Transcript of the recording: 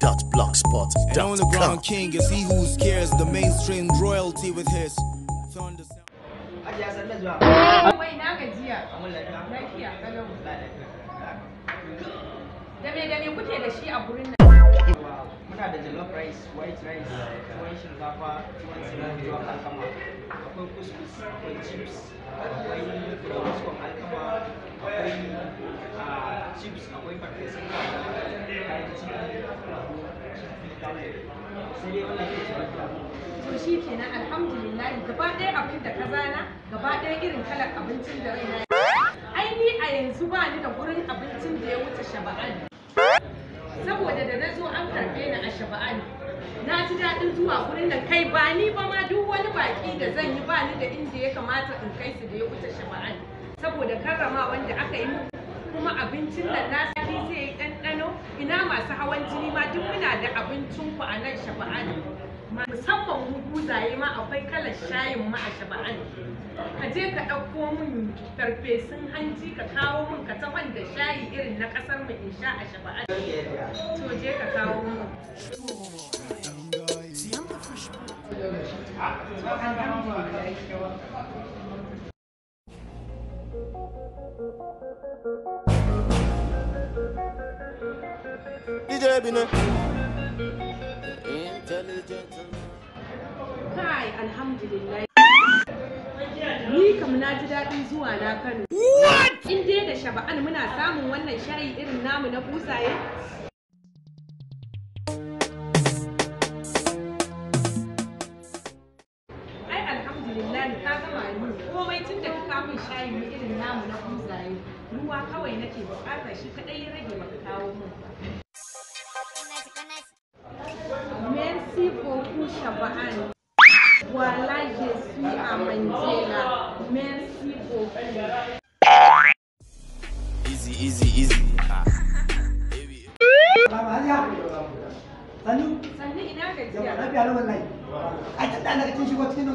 www.blogspot.com. And on the ground king is he who scares the mainstream royalty with his thunder sound. rice white rice to shi kenan alhamdulillah gaba ɗaya abin da ka zana gaba ɗaya irin kalar abincin da raina ai ni a yanzu ba ni da gurin abincin da ya wuce shaba'an saboda da na zo an karɓe ni a shaba'an na ji daɗin zuwa gurin nan kai ba ni ba ma duk wani baƙi da zan yi ba ni da inda ya kamata in kai su da ya wuce shaba'an saboda karrama wanda aka yi kuma abincin nan na zai yi ina masu hawan jini ma duk muna da abincin ku a nan shaba'an? musamman mu guzaye ma akwai kalar shayin ma a shaba'an. ka je ka ɗauko min farfesun hanci ka kawo min ka tafan da shayi irin na ƙasar mu in sha a shaba'an. to je ka kawo min Thank you. DJ Bine. Kai, alhamdulillah. Ni kam na ji daɗin zuwa na Kano. What? In dai da shaba'an muna samun wannan shayi irin namu na kusaye. Ai alhamdulillah ka gama ni komai tun da ka kamun shayi mu irin namu na kusaye. Ruwa kawai nake bukatar shi kaɗai ya rage maka kawo mun. Shaba'an. Voilà, je suis Merci beaucoup. Easy, easy, easy.